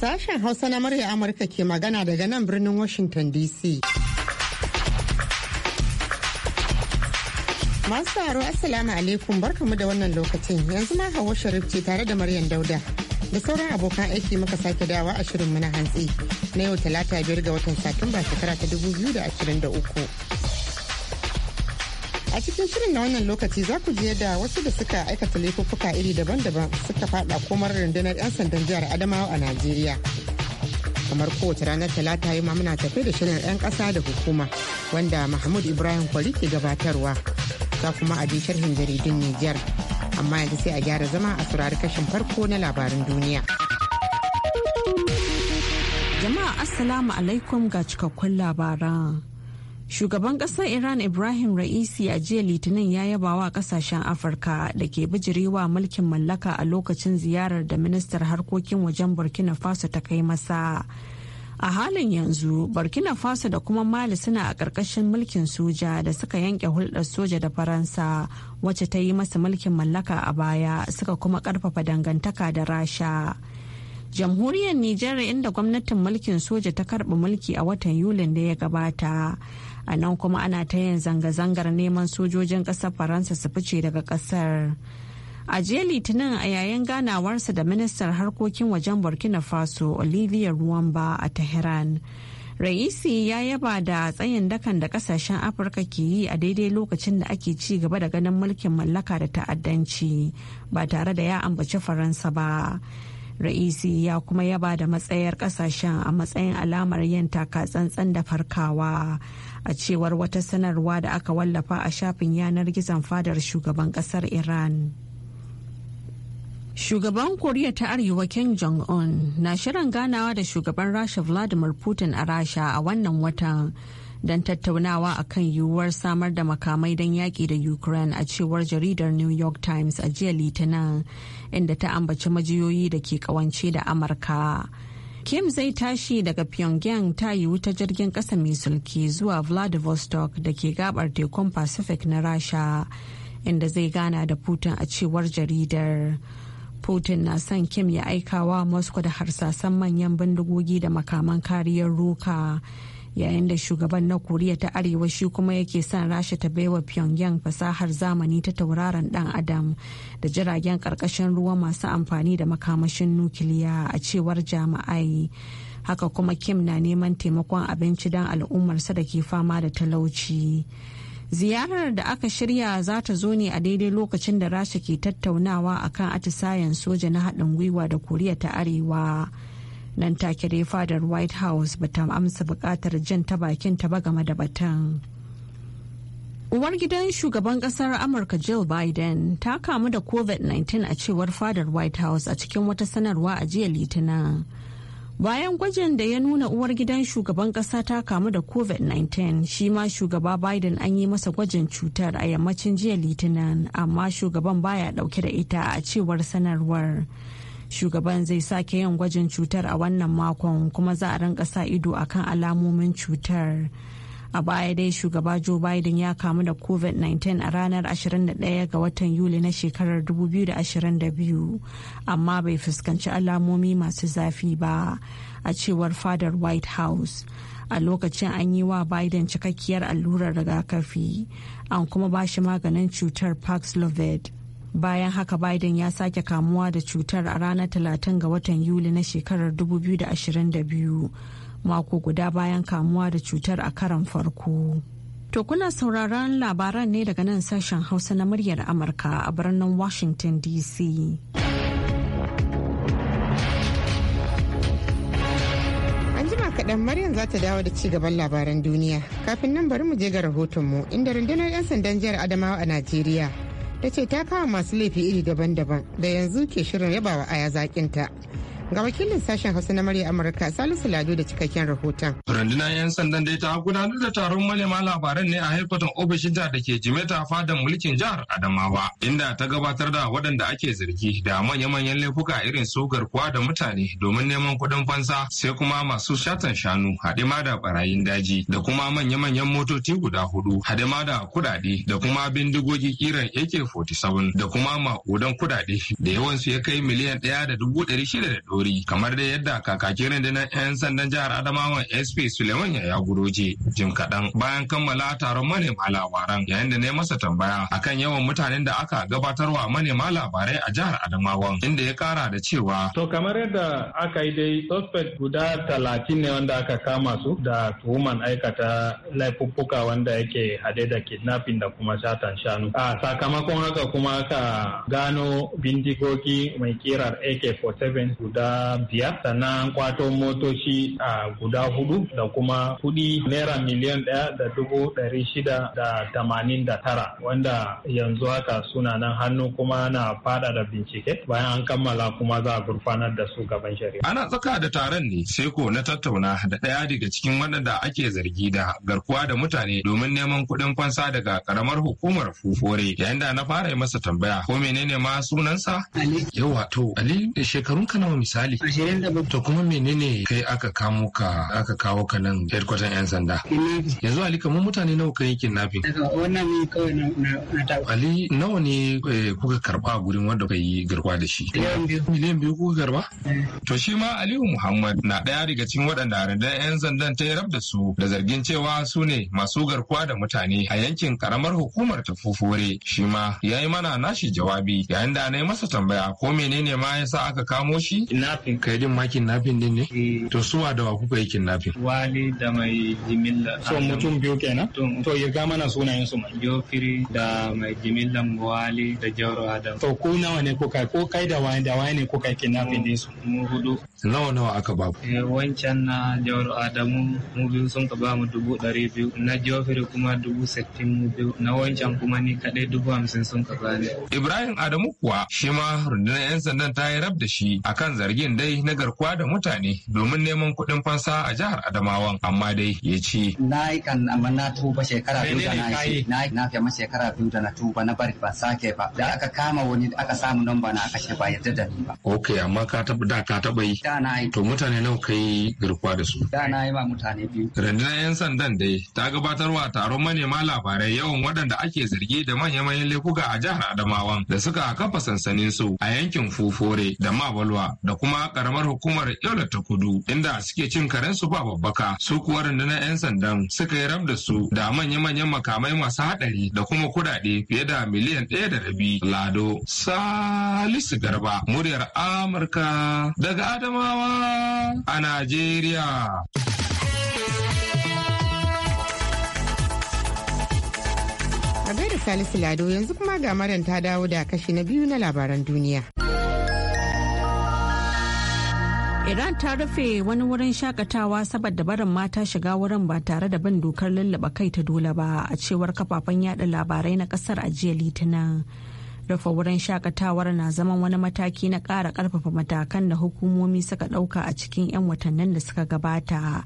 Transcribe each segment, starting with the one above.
Sashen Hausa na murya Amurka ke magana daga nan birnin Washington DC. Masu tsaro Assalamu alaikum barkamu da wannan lokacin yanzu ma Hauwa Sharif ce tare da Maryam Dauda. Da sauran abokan aiki muka sake dawa a shirin na hantsi na yau talata biyar ga watan Satumba shekara ta dubu biyu da da ashirin uku. a cikin shirin na wannan lokaci za ku je da wasu da suka aikata laifuka iri daban-daban suka fada komar rundunar 'yan sandan jihar adamawa a najeriya kamar kowace ranar talata yi muna tafe da shirin 'yan ƙasa da hukuma wanda mahmud ibrahim kwari ke gabatarwa za kuma a sharhin jaridun nijar amma yanzu sai a gyara zama a saurari kashin farko na labarin duniya jama'a assalamu alaikum ga cikakkun labaran Shugaban ƙasar Iran Ibrahim Ra'isi a jiya Litinin ya yaba wa ƙasashen Afirka da ke bijirewa mulkin mallaka a lokacin ziyarar da ministar harkokin wajen Burkina Faso ta kai masa. A halin yanzu, Burkina Faso da kuma Mali suna a ƙarƙashin mulkin soja da suka yanke hulɗar soja da Faransa wacce ta yi masa mulkin mallaka a baya suka kuma ƙarfafa dangantaka da Rasha. Jamhuriyar Nijar inda gwamnatin mulkin soja ta karɓi mulki a watan Yulin da ya gabata. a nan kuma ana ta yin zanga-zangar neman sojojin ƙasar faransa su fice daga ƙasar a litinin a yayin ganawarsa da ministan harkokin wajen burkina faso olivia ruwanba a tehran raisi ya yaba da tsayin dakan da kasashen afirka ke yi a daidai lokacin da ake ci gaba da ganin mulkin mallaka da ta'addanci ba tare da ya ambaci faransa ba raisi ya kuma yaba da matsayar kasashen a matsayin alamar yin taka tsantsan da farkawa a cewar wata sanarwa da aka wallafa a shafin yanar gizon fadar shugaban kasar iran Shugaban Koriya ta Arewa Kim Jong-un na shirin ganawa da shugaban Rasha Vladimir Putin a Rasha a wannan watan don tattaunawa a kan yiwuwar samar da makamai don yaƙi da Ukraine a cewar jaridar New York Times a jiya Litinin inda ta ambaci majiyoyi da ke kawance da Amurka. Kim zai tashi daga Pyongyang ta yiwu ta jirgin ƙasa mai sulki zuwa Vladivostok da ke gabar tekun Pacific na Rasha, inda zai gana da Putin a cewar jaridar. Putin na son Kim ya aikawa Moscow da harsasan manyan bindigogi da makaman kariyar roka. yayin da shugaban na koriya ta arewa shi kuma yake son rasha ta baiwa pyongyang fasahar zamani ta tauraron dan adam da jiragen karkashin ruwa masu amfani da makamashin nukiliya a cewar jami'ai haka kuma kim na neman taimakon abinci don al'ummarsa da ke fama da talauci ziyarar da aka shirya za ta zo ne a daidai lokacin da rasha ke tattaunawa akan atisayen soja na haɗin gwiwa da koriya ta arewa nan take dai fadar white house bata amsa bukatar jin ta bakin ta ba game da batun uwar gidan shugaban kasar amurka jill biden ta kamu da covid-19 a cewar fadar white house a cikin wata sanarwa a jiya litinin bayan gwajin da ya nuna uwar gidan shugaban kasa ta kamu da covid-19 shi ma shugaba biden an yi masa gwajin cutar a yammacin jiya litinin amma shugaban baya dauke da ita a cewar sanarwar shugaban zai sake yin gwajin cutar a wannan makon kuma za a rinka sa ido a kan alamomin cutar a baya dai shugaba joe biden ya kamu da covid-19 a ranar 21 ga watan yuli na shekarar 2022 amma bai fuskanci alamomi masu zafi ba a cewar fadar white house a lokacin an yi wa biden cikakkiyar allurar rigakafi an kuma ba shi maganin cutar paxlovid bayan haka biden ya sake kamuwa da cutar a ranar 30 ga watan yuli na shekarar 2022 mako guda bayan kamuwa da cutar a karan farko to kuna sauraron labaran ne daga nan sashen hausa na muryar amurka a birnin washington dc kaɗan Maryam za ta dawo da ci gaban labaran duniya. Kafin nan bari mu je ga rahotonmu inda rundunar 'yan sandan jihar Adamawa a Najeriya ta ce ta kama masu laifi iri daban-daban da yanzu ke shirin yaba yabawa aya zakinta ga wakilin sashen hausa na murya amurka salisu lado da cikakken rahoton rundunar yan sandan da ta gudanar da taron manema labaran ne a haifatan ofishin jihar da ke jimeta fadan mulkin jihar adamawa inda ta gabatar da waɗanda ake zargi da manya-manyan laifuka irin su garkuwa da mutane domin neman kuɗin fansa sai kuma masu shatan shanu haɗe ma da barayin daji da kuma manya-manyan motoci guda hudu haɗe ma da kuɗaɗe da kuma bindigogi kiran ak-47 da kuma maƙudan kuɗaɗe da yawansu ya kai miliyan ɗaya da dubu ɗari shida da shawarwari kamar da yadda kakakin rundunar 'yan sandan jihar Adamawa SP Suleiman ya guroje jim kaɗan bayan kammala taron manema labaran yayin da ne masa tambaya akan yawan mutanen da aka gabatarwa manema labarai a jihar Adamawa inda ya kara da cewa. To kamar yadda aka yi dai suspect guda talatin ne wanda aka kama su da tuhuman aikata laifuffuka wanda yake hade da kidnapping da kuma satan shanu. A sakamakon haka kuma aka gano bindigogi mai kirar AK-47 guda guda biyar sannan kwato motoci a guda hudu da kuma kudi naira miliyan daya da dubu dari shida da tamanin da tara wanda yanzu haka suna nan hannu kuma na fada da bincike bayan an kammala kuma za a gurfanar da su gaban shari'a. Ana tsaka da taron ne sai ko na tattauna da ɗaya daga cikin waɗanda ake zargi da garkuwa da mutane domin neman kuɗin fansa daga karamar hukumar fufore yayin da na fara masa tambaya ko menene ma sunansa? Ali. Yau wato Ali shekarun ka misali? misali to kuma menene kai aka kamo ka aka kawo ka nan headquarter yan sanda yanzu ali kamar mutane nawa kai yake wannan ne kawai na ta ali nawa ne eh, kuka karba a gurin wanda kai garkuwa da shi miliyan biyu kuka karba eh. to shi ma aliyu muhammad na daya daga cikin waɗanda rundunar yan sandan ta yi rab da su da zargin cewa su ne masu garkuwa da mutane a yankin karamar hukumar tafufure shi ma ya yi mana nashi jawabi yayin da na yi masa tambaya ko menene ma ya sa aka kamo shi kidnapping kai din ma kidnapping din ne eh. to suwa da wa kuka yi kidnapping wali da mai jimilla so mutum biyu kenan to ya ga mana sunayen su mai jofiri da mai jimilla wali da jauro adam to ku nawa ne kuka ko kai da wani da wani ne kuka yi kidnapping din su mu hudu nawa nawa aka ba ku eh, wancan na jauro adamu mu biyu sun ka ba mu dubu ɗari biyu na jofiri kuma dubu sittin mu biyu na wancan kuma ni kaɗai dubu hamsin sun ka bani ibrahim adamu kuwa shi ma rundunar 'yan sandan ta yi rab da shi akan zargi Yin dai na garkuwa da mutane domin neman kuɗin fansa a jihar Adamawan amma dai ya ce. Na yi kan amma na tuba shekara biyu da na yi na fiye ma shekara biyu da na tuba na bari ban sake ba da aka kama wani aka samu lamba na aka ce ba yadda da ni ba. Ok amma ka taɓa da ka taɓa yi. Da na yi. To mutane nawa ka yi garkuwa da su. Da na yi ma mutane biyu. Rundunar 'yan sandan dai ta gabatarwa taron manema labarai yawan waɗanda ake zargi da manya-manyan laifuka a jihar Adamawan da suka kafa sansanin su a yankin Fufore da Mabalwa da kuma karamar hukumar yola ta kudu inda suke cin karensu ba babbaka su kuwa rundunar 'yan sandan suka yi rab da su da manya-manyan makamai masu haɗari da kuma kudade fiye da miliyan ɗaya da rabi lado salisu garba muryar amurka daga adamawa a najeriya a gaida salisu lado yanzu kuma ga maran ta dawo da kashi na biyu na labaran duniya. Iran ta rufe wani wurin shakatawa saboda barin mata shiga wurin ba tare da bin dokar lullaba kai ta dole ba a cewar kafafen yada labarai na kasar a jiya litinin. Rufe wurin shakatawar na zaman wani mataki na ƙara ƙarfafa matakan da hukumomi suka ɗauka a cikin 'yan watannin da suka gabata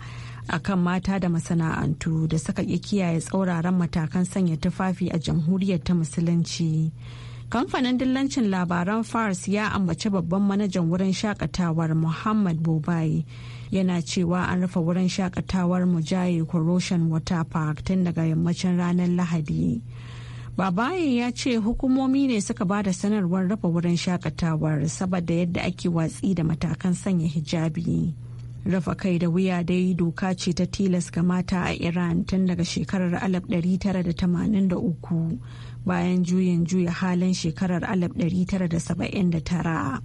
a kan mata da masana'antu da suka ƙi kiyaye tsauraran matakan sanya tufafi a jamhuriyar ta musulunci. kamfanin dillancin labaran fars ya ambaci babban manajan wurin shakatawar muhammad bobayi yana cewa an rufe wurin shakatawar mujayi corrosion water park tun daga yammacin ranar lahadi babayi ya ce hukumomi ne suka ba da sanarwar rufe wurin shakatawar saboda yadda ake watsi da matakan sanya hijabi rufe kai da wuya dai doka ce ta tilas ga mata a iran tun daga shekarar 1983 bayan juyin juya halin shekarar 1979.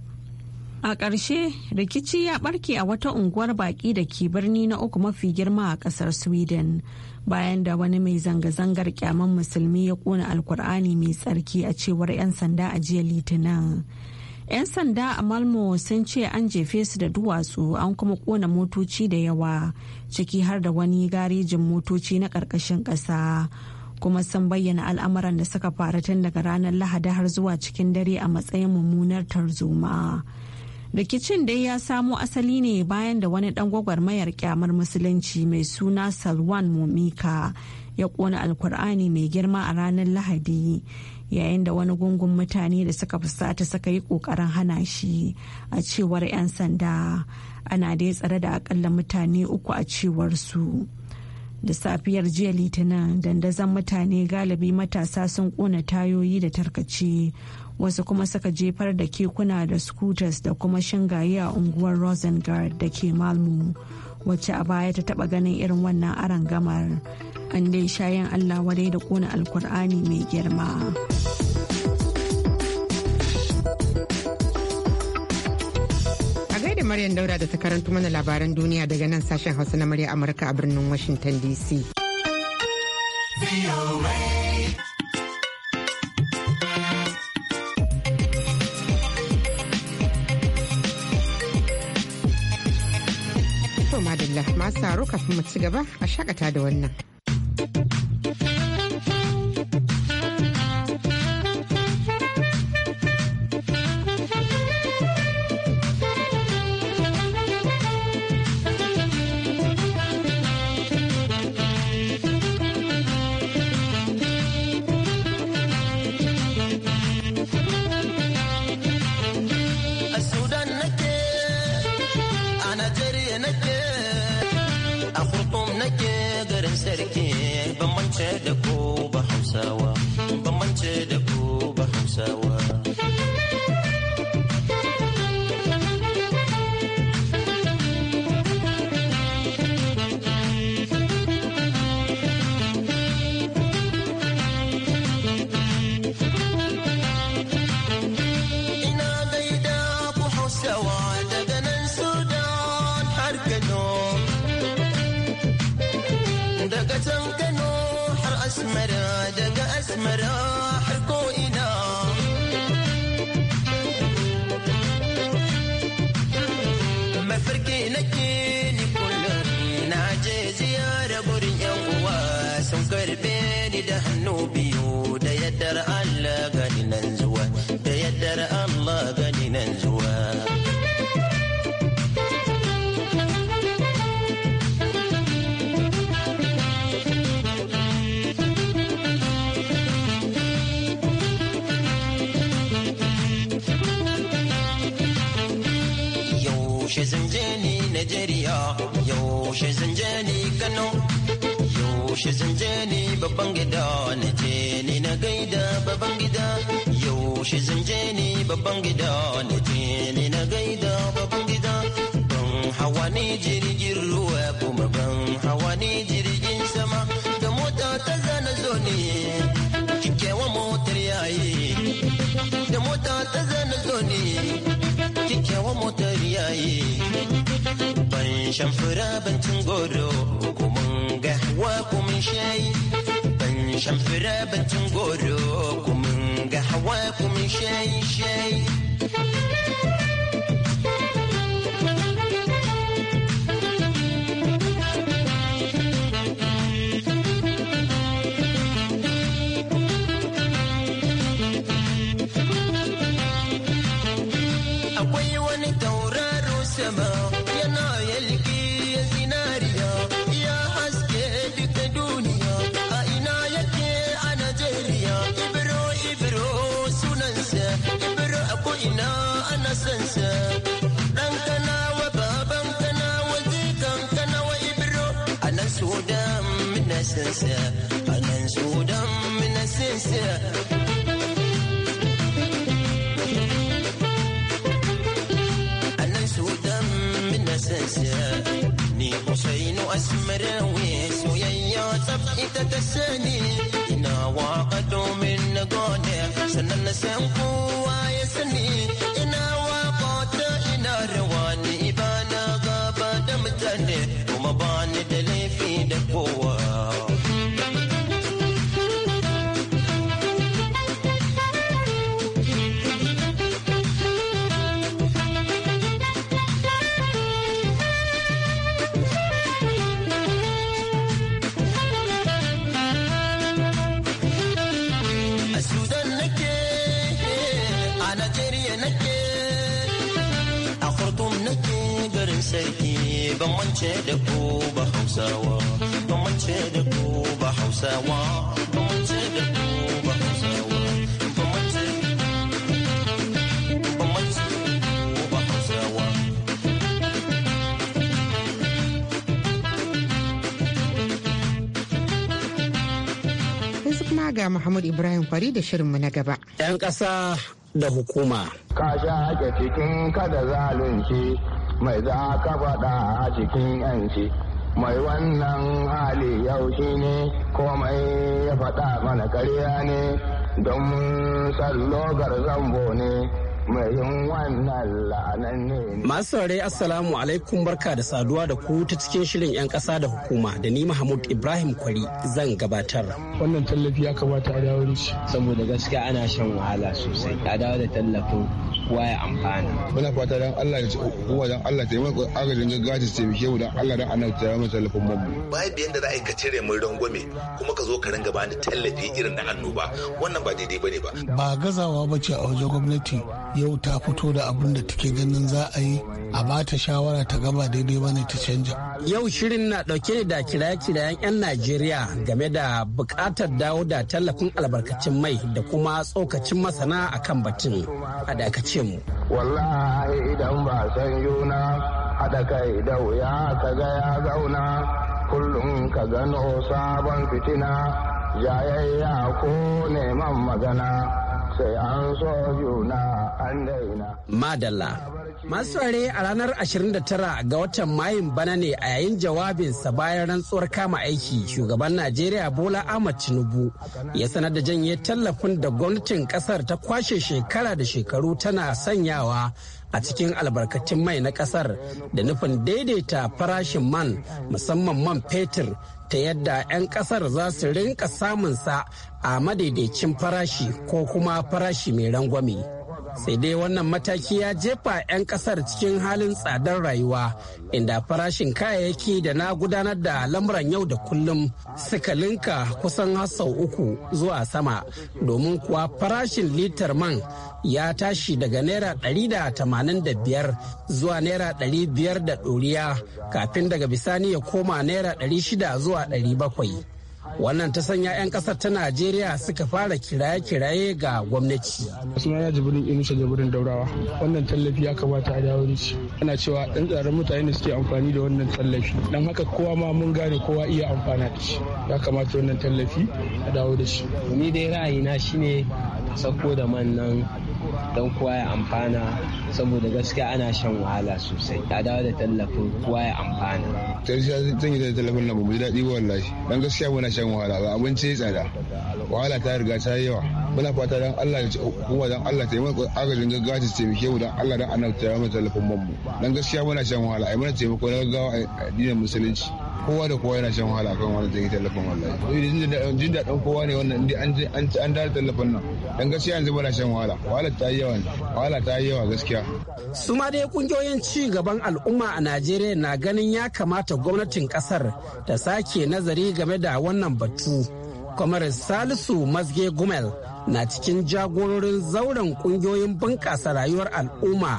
A ƙarshe rikici ya ɓarke a wata unguwar baƙi da ke birni na uku mafi girma a ƙasar Sweden bayan da wani mai zanga-zangar kyaman musulmi ya ƙona alkur'ani mai tsarki a cewar 'yan sanda a jiya litinin. 'Yan sanda a Malmo sun ce an jefe su da duwatsu an kuma ƙona motoci da yawa ciki har da wani garejin motoci na ƙarƙashin ƙasa. kuma sun bayyana al'amuran da suka faru tun daga ranar lahadi har zuwa cikin dare a matsayin mummunar tarzoma rikicin dai ya samo asali ne bayan da wani dan gwagwarmayar kyamar musulunci mai suna salwan momika ya kona alkur'ani mai girma a ranar lahadi yayin da wani gungun mutane da suka fusata suka yi kokarin hana shi a cewar 'yan sanda ana dai tsare da akalla mutane uku a cewar su da safiyar jiya litinin dandazon mutane galibi matasa sun kona tayoyi da tarkace wasu kuma suka jefar da kekuna da scooters da kuma shingaye a unguwar rosengard da ke malmo wacce a baya ta taba ganin irin wannan arangamar an dai shayin allah wadai da kona alkur'ani mai girma. Maryam Dauda da ta karanta mana labaran duniya daga nan sashen Hausa na murya Amurka a birnin Washington DC. To madalla masu kafin mu ci gaba a shakata da wannan. ku ba Hausawa, ban mance da ku ba Hausawa. Najeriya yaushe zan je ni Kano yaushe zan je ni babban gida na je ni na gaida babban gida yaushe zan je ni babban gida na je ni na gaida babban gida ban hawa ni jirgin ruwa kuma ban hawa ni jirgin sama da mota ta zana zo ni wa motar yayi da mota ta zana zo ni kyakkyawan motar yayi ban shan fura ban tungoro kumin gawa kumin shayi ban shan fura ban tungoro kumin gawa kumin shayi shayi ban mance da ku ba hausawa ban mance da ku ba hausawa yanzu kuma ga Muhammad Ibrahim Fari da shirin mu na gaba. 'Yan ƙasa da hukuma. Ka sha ake cikin kada zalunci mai za ka faɗa a cikin 'yanci. Mai wannan hali yau shi ne komai ya faɗa mana karya ne don sallogar zambo ne. Masu saurare Assalamu alaikum barka da saduwa da ku ta cikin shirin 'yan ƙasa da hukuma da ni Mahmud Ibrahim Kwari zan gabatar. Wannan tallafi ya kamata a dawo saboda gaskiya ana shan wahala sosai. A dawo da tallafin kowa ya amfana muna fata dan Allah ya ci kowa dan Allah ta yi mana agajin gaggawa ta taimake mu dan Allah dan Allah ta yi mana tallafin mu bayan biyan da za a yi ka cire mun rangwame kuma ka zo ka ringa bani tallafi irin na annoba wannan ba daidai ba ne ba ba gazawa ba ce a wajen gwamnati yau ta fito da abin da take ganin za a yi a ba ta shawara ta gaba daidai bane ta canja yau shirin na dauke da kiraye-kirayen 'yan Najeriya game da bukatar dawo da tallafin albarkacin mai da kuma tsokacin masana akan batun a dakace kashe mu. Wallahi idan ba san yuna haɗa kai da wuya ka ga ya zauna kullum ka gano sabon fitina jayayya ko neman magana sai an so yuna an daina. Madalla. Masu tsare a ranar 29 ga watan Mayun bana ne a yayin jawabinsa bayan rantsuwar kama aiki shugaban Najeriya Bola Ahmad Tinubu ya sanar da janye tallafin da gwamnatin kasar ta kwashe shekara da shekaru tana sanyawa a cikin albarkacin mai na kasar da nufin daidaita farashin man musamman man fetur ta yadda 'yan kasar za su rinka samunsa a madaidaicin farashi ko kuma farashi mai rangwame. sai dai wannan mataki ya jefa 'yan kasar cikin halin tsadar rayuwa inda farashin kayayyaki da na gudanar da lamuran yau da kullum suka linka kusan sau uku zuwa sama domin kuwa farashin litar man ya tashi daga naira 185 zuwa naira 500 da ɗuriya kafin daga bisani ya koma naira 600 zuwa 700 wannan ta sanya 'yan kasar ta najeriya suka fara kiraye-kiraye ga gwamnati sunana jibirin inusa jibirin daurawa wannan tallafi ya kamata a dawo shi ana cewa ɗan tsaron mutane ne suke amfani da wannan tallafi don haka kowa ma mun gane kowa iya amfana da shi ya kamata wannan tallafi a dawo da shi ni dai ra'ayina shine sako da man nan don kowa ya amfana saboda gaskiya ana shan wahala sosai a dawo da tallafin kowa ya amfana gaskiya zan yi da tallafin nan mu ji daɗi ba wallahi dan gaskiya muna shan wahala ga abinci tsada wahala ta riga ta yi yawa muna fata dan Allah ya kuma dan Allah ta yi mana agajin gaggawa ta taimake mu dan Allah dan annabi ta mana tallafin mu dan gaskiya muna shan wahala ai mana taimako na gaggawa a addinin musulunci kowa da kowa yana shan wahala kan zai yi tallafin wallahi jin daɗin kowa ne wannan an an dara tallafin nan dan gaskiya yanzu bana shan wahala wahala ta yi yawa wahala ta yi yawa gaskiya su ma dai kungiyoyin ci gaban al'umma a Najeriya na ganin ya kamata gwamnatin kasar ta sake nazari game da wannan batu kamar salisu mazge gumel na cikin jagororin zauren kungiyoyin bunƙasa rayuwar al'umma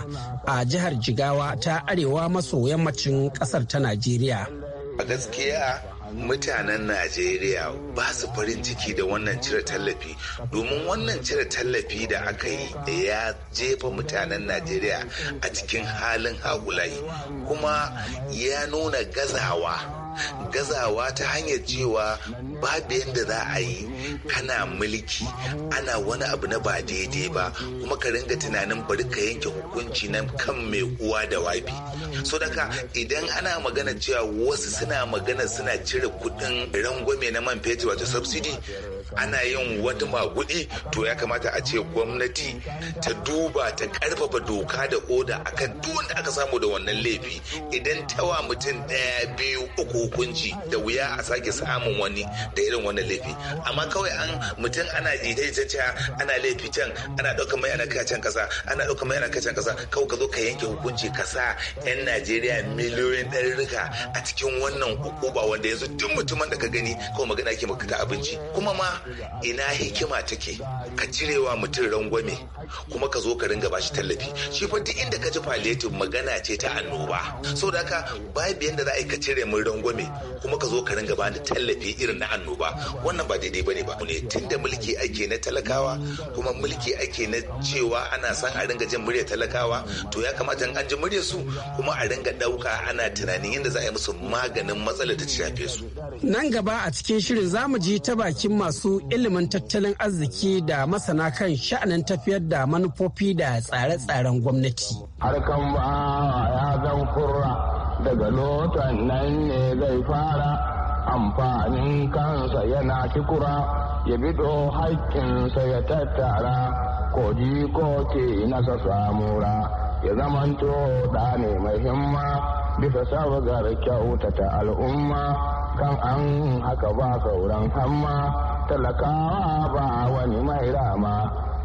a jihar jigawa ta arewa maso yammacin ƙasar ta najeriya a gaskiya mutanen najeriya ba su farin ciki da wannan cire tallafi domin wannan cire tallafi da aka yi ya jefa mutanen najeriya a cikin halin haƙulai kuma ya nuna gazawa gazawa ta hanyar cewa babu yadda za a yi kana mulki ana wani abu na ba daidai ba kuma ka ringa tunanin bari ka yanke hukunci nan kan mai uwa da wabi so daga idan ana magana cewa wasu suna magana suna cire kuɗin rangwame na man fetur wato subsidy ana yin wata magudi to ya kamata a ce gwamnati ta duba ta karfafa doka da oda akan duk wanda aka samu da wannan laifi idan tawa mutum daya biyu uku hukunci da wuya a sake samun wani da irin wannan laifi amma kawai an mutum ana jita-jita ana laifi can ana ɗauka mai ana kai can kasa ana ɗauka mai ana kai can kasa kawai ka zo ka yanke hukunci ka sa 'yan najeriya miliyoyin ɗarurruka a cikin wannan hukuba wanda yanzu duk mutumin da ka gani kawai magana ke maka abinci kuma ma ina hikima take ka cirewa mutum rangwame kuma ka zo ka ringa bashi tallafi shi fa duk inda ka ji palliative magana ce ta annoba saboda haka babu yanda za a yi ka cire min rangwame kuma ka zo ka ringa bani tallafi irin na annoba wannan ba daidai bane ba ne tunda mulki ake na talakawa kuma mulki ake na cewa ana son a ringa jin murya talakawa to ya kamata an ji murya su kuma a ringa dauka ana tunanin yadda za a yi musu maganin matsalar ta shafe su nan gaba a cikin shirin zamu mu ji ta bakin masu masu ilimin tattalin arziki da masana kan sha'anin tafiyar da manufofi da tsare-tsaren gwamnati. Harkan ba ya zan kurra daga lotan nan ne zai fara amfanin kansa yana kikura ya bido haƙƙinsa ya tattara ji ko ke nasa samura ya zamanto da ne mai himma bisa sabgar kyautata al'umma kan an haka ba sauran hamma talakawa ba wani mai rama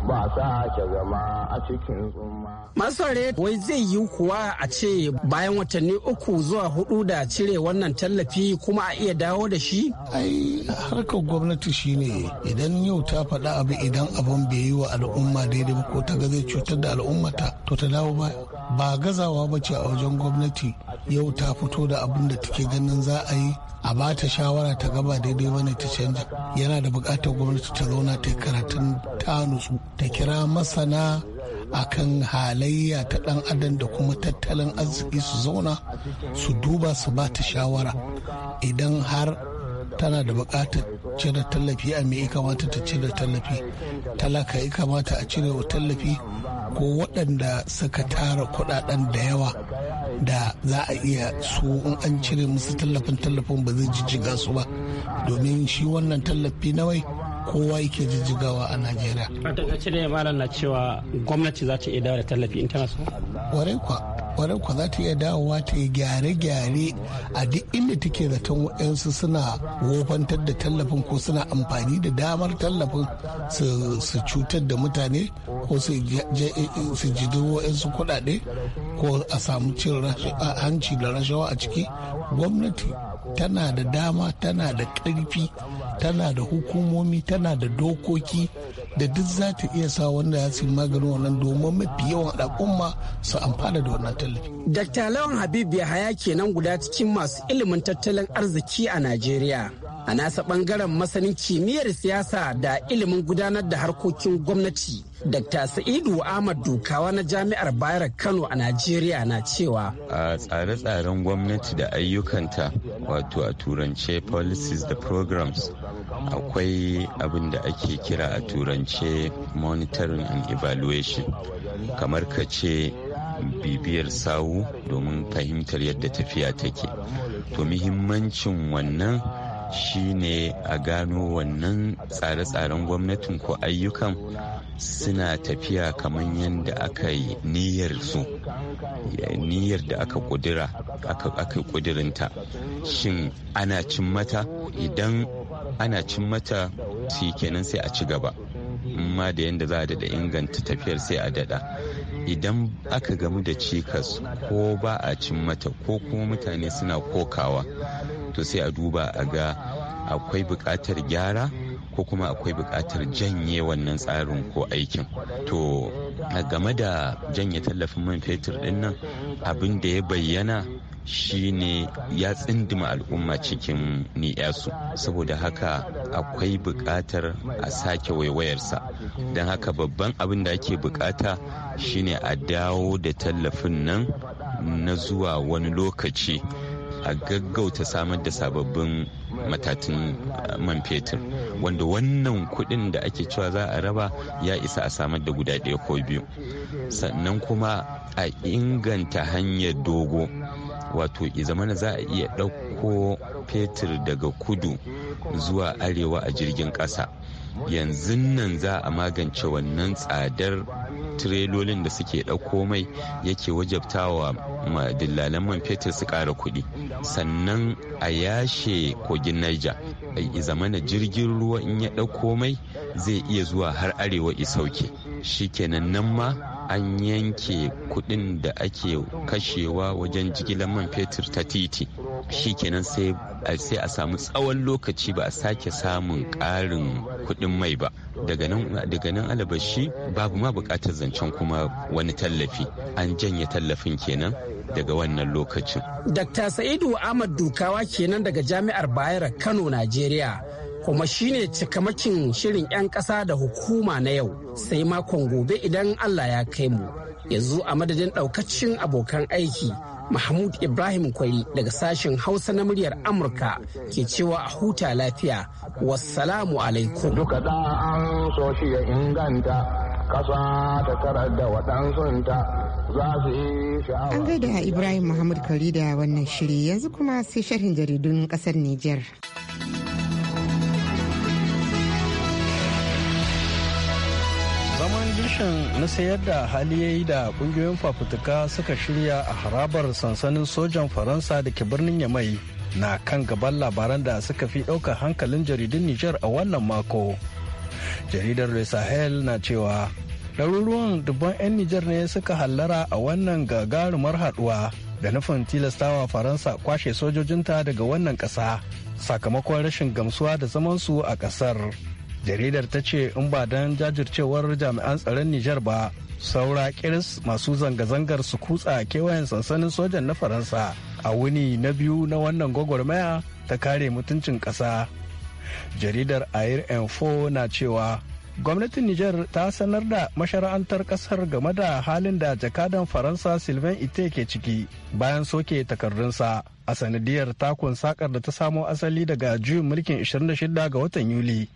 ba sake zama a cikin tsumma. Masare wai zai yi kuwa a ce bayan watanni uku zuwa hudu da cire wannan tallafi kuma a iya dawo da shi? Ai harkar gwamnati shine idan yau ta faɗa abu idan abin bai yi wa al'umma daidai ko ta ga zai cutar da al'ummata to ta dawo ba. Ba gazawa ba ce a wajen gwamnati yau ta fito da abin da take ganin za a yi a ba ta shawara ta gaba daidai bane ta canja yana da bukatar gwamnati ta zauna ta karatun ta nutsu ta kira masana a kan halayya ta dan adam da kuma tattalin arziki su zauna su duba su ba ta shawara idan har tana da bukatar cire tallafi a me kamata ta cire tallafi talaka ya kamata a cire wa tallafi ko waɗanda suka tara kuɗaɗen da yawa da za a iya su in an cire musu tallafin tallafin ba zai jijjiga su ba domin shi wannan tallafi nawai kowa yake jijjigawa a najeriya a takaice da malam na cewa gwamnati za ta iya dawo da tallafi in tana so ware kwa wadda kwa za ta iya dawowa ta yi gyare-gyare a duk inda take zaton wa'yansu suna wofantar da tallafin ko suna amfani da damar tallafin su cutar da mutane ko su jido wa'yansu kuɗaɗe ko a samu cin hanci da rashawa a ciki gwamnati tana da dama tana da ƙarfi tana da hukumomi tana da dokoki da duk za ta iya sa wanda ya su maganin wannan domin mafi yawan al'umma su amfana da wannan tallafi. Dr. Lawan Habib Yahaya kenan guda cikin masu ilimin tattalin arziki a Najeriya. A nasa bangaren masanin kimiyyar siyasa da ilimin gudanar da harkokin gwamnati, Dr. Sa'idu Ahmad Dukawa na Jami'ar Bayar Kano a Najeriya na cewa. A tsare-tsaren gwamnati da ayyukanta, wato a turance policies da programs, akwai abin da ake kira a turance monitoring and evaluation. Kamar ka ce bibiyar sawu domin fahimtar yadda tafiya take. To muhimmancin wannan shi ne a gano wannan tsare-tsaren gwamnatin ko ayyukan suna tafiya kamar yadda aka yi niyyar su niyyar da aka kudura aka kudirinta shin ana cin mata idan ana cin mata shi kenan sai a ci gaba ma da yadda za a daɗa inganta tafiyar sai a daɗa idan aka gamu da cikas ko ba a cin mata ko kuma mutane suna kokawa to sai a duba a ga akwai buƙatar gyara ko kuma akwai buƙatar janye wannan tsarin ko aikin to game da janye tallafin man fetur din nan abin da ya bayyana shine ya tsindima al'umma cikin ni'yasu saboda haka akwai buƙatar a sake waiwayarsa don haka babban abin da ake buƙata shine a dawo da tallafin nan na zuwa wani lokaci a gaggauta samar da sababbin matatan uh, man fetur wanda wannan kuɗin da ake cewa za a raba ya isa a samar da guda ɗaya ko biyu sannan kuma a inganta hanyar dogo wato izamana za a iya ɗauko fetur daga kudu zuwa arewa a jirgin ƙasa yanzu nan za a magance wannan tsadar tirelolin da suke ɗauko mai yake wajabtawa dillalan man fetur su ƙara kuɗi sannan a yashe kogin naija zamana jirgin ruwa in ya ɗauko mai zai iya zuwa har arewa isauke shikenan nan ma an yanke kuɗin da ake kashewa wajen jigilan man fetur ta titi shi kenan sai a samu tsawon lokaci ba a sake samun ƙarin kuɗin mai ba daga nan daga alabashi babu ma buƙatar zancen kuma wani tallafi an janye tallafin kenan daga wannan lokacin. Dr. Sa'idu Ahmad Dukawa kenan daga Jami'ar Bayero Kano, Najeriya. kuma shine cikamakin shirin 'yan ƙasa da hukuma na yau sai makon gobe idan Allah ya kai mu yanzu a madadin ɗaukacin abokan aiki Mahmud Ibrahim Kwari daga sashen Hausa na muryar Amurka ke cewa a huta lafiya. Wassalamu alaikum. Duka da an so shi ya inganta kasa ta tarar da waɗansunta za su yi sha'awa. An gaida Ibrahim Muhammad Kwari da wannan shiri yanzu kuma sai sharhin jaridun ƙasar Nijar. rashin na sayar da hali ya yi da kungiyoyin fafutuka suka shirya a harabar sansanin sojan Faransa da ke birnin Yamai na kan gaban labaran da suka fi ɗaukar hankalin jaridun Nijar a wannan mako. Jaridar Le Sahel na cewa ɗaruruwan dubban 'yan Nijar ne suka hallara a wannan gagarumar haɗuwa da nufin tilastawa Faransa kwashe sojojinta daga wannan ƙasa sakamakon rashin gamsuwa da zamansu a ƙasar. jaridar ta ce in ba don jajircewar jami'an tsaron nijar ba saura kiris masu zanga-zangar su kutsa kewayen sansanin sojan na faransa a wuni na biyu na wannan gwagwarmaya ta kare mutuncin ƙasa jaridar air info na cewa gwamnatin nijar ta sanar da mashara'antar kasar game da halin da jakadan faransa sylvain ite ke ciki bayan soke takardunsa a sanadiyar takun sakar da ta samo asali daga juyin mulkin 26 ga watan yuli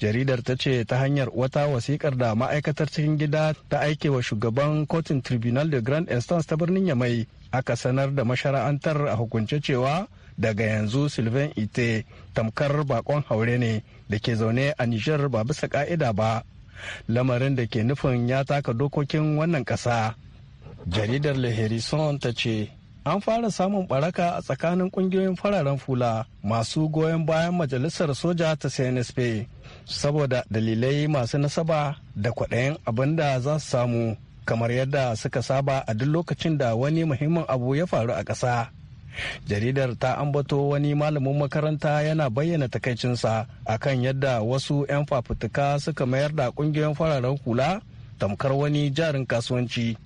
jaridar ta ce ta hanyar wata wasikar da ma'aikatar cikin gida ta aike wa shugaban kotun tribunal de grand instance ta birnin yamai aka sanar da mashara'antar a hukunce cewa daga yanzu sylvain ite tamkar bakon haure ne da ke zaune a niger ba bisa ka'ida ba lamarin da ke nufin ya taka dokokin wannan ƙasa jaridar le ta ce an fara samun baraka a tsakanin kungiyoyin fararen fula masu goyon bayan majalisar soja ta cnsp saboda dalilai masu nasaba da kwaɗayin abin da za su samu kamar yadda suka saba a duk lokacin da wani muhimmin abu ya faru a ƙasa jaridar ta ambato wani malamin makaranta yana bayyana takaicinsa a kan yadda wasu 'yan fafutuka suka mayar da kungiyoyin fararen hula tamkar wani jarin kasuwanci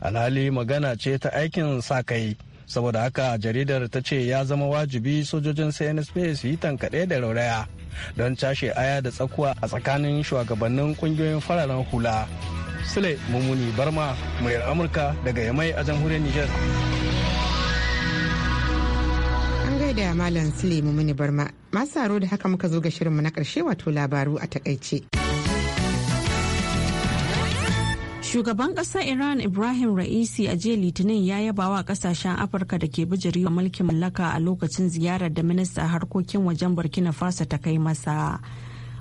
alhali magana ce ta aikin sa kai saboda haka jaridar ta ce ya zama wajibi sojojin cnsp su yi tankaɗe da rauraya don cashe aya da tsakuwa a tsakanin shugabannin kungiyoyin fararen hula sule mummuni barma muryar amurka daga yamai a jamhuriyar niger an gaida malam sule mummuni barma masu da haka muka zo ga shirinmu na karshe wato labaru a takaice. Shugaban ƙasa Iran Ibrahim Ra'isi a jiya Litinin ya yaba wa ƙasashen Afirka da ke bijirewa mulkin mallaka a lokacin ziyarar da minista harkokin wajen Burkina Faso ta kai masa.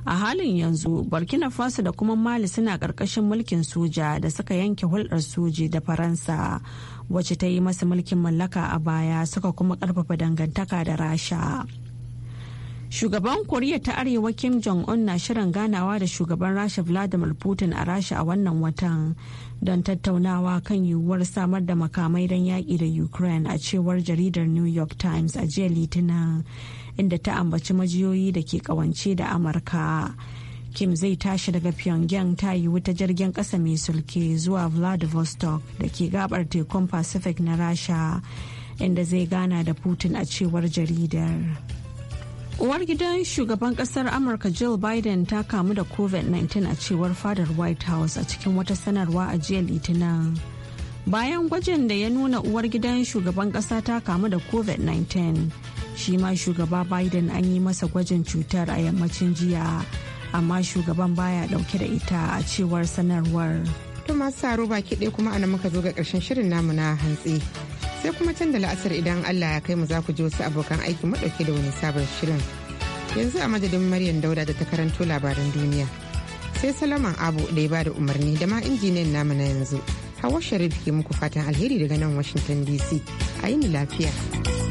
A halin yanzu, Burkina Faso da kuma Mali suna ƙarƙashin mulkin soja da suka yanke hulɗar soji da Faransa, wacce ta yi masa mulkin mallaka a baya suka kuma ƙarfafa dangantaka da Rasha. Shugaban Koriya ta Arewa Kim Jong-un na shirin ganawa da shugaban Rasha Vladimir Putin a Rasha a wannan watan don tattaunawa kan yiwuwar samar da makamai don yaƙi da Ukraine a cewar jaridar New York Times a jiya Litinin inda ta ambaci majiyoyi da ke kawance da Amurka. Kim zai tashi daga Pyongyang ta yi wuta jirgin ƙasa mai sulke zuwa Vladivostok da ke gabar tekun Pacific na Rasha inda zai gana da Putin a cewar jaridar. Uwar gidan shugaban kasar Amurka Jill Biden ta kamu da COVID-19 a cewar fadar White House a cikin wata sanarwa a jiya Litinin. Bayan gwajin da ya nuna uwar gidan shugaban kasa ta kamu da COVID-19, shi ma shugaba Biden an yi masa gwajin cutar a yammacin jiya, amma shugaban baya dauke da ita a cewar sanarwar. To masu saro ɗaya kuma ana muka zo ga ƙarshen shirin namu na hantsi. sai kuma can da la'asar idan Allah ya kai mu za ku ji wasu abokan aiki maɗauke da wani sabon shirin. Yanzu a madadin Maryam Dauda da ta karanto labaran duniya. Sai Salaman Abu da ya bada umarni da ma injiniyan namu na yanzu. Hawa Sharif ke muku fatan alheri daga nan Washington DC. A yi lafiya.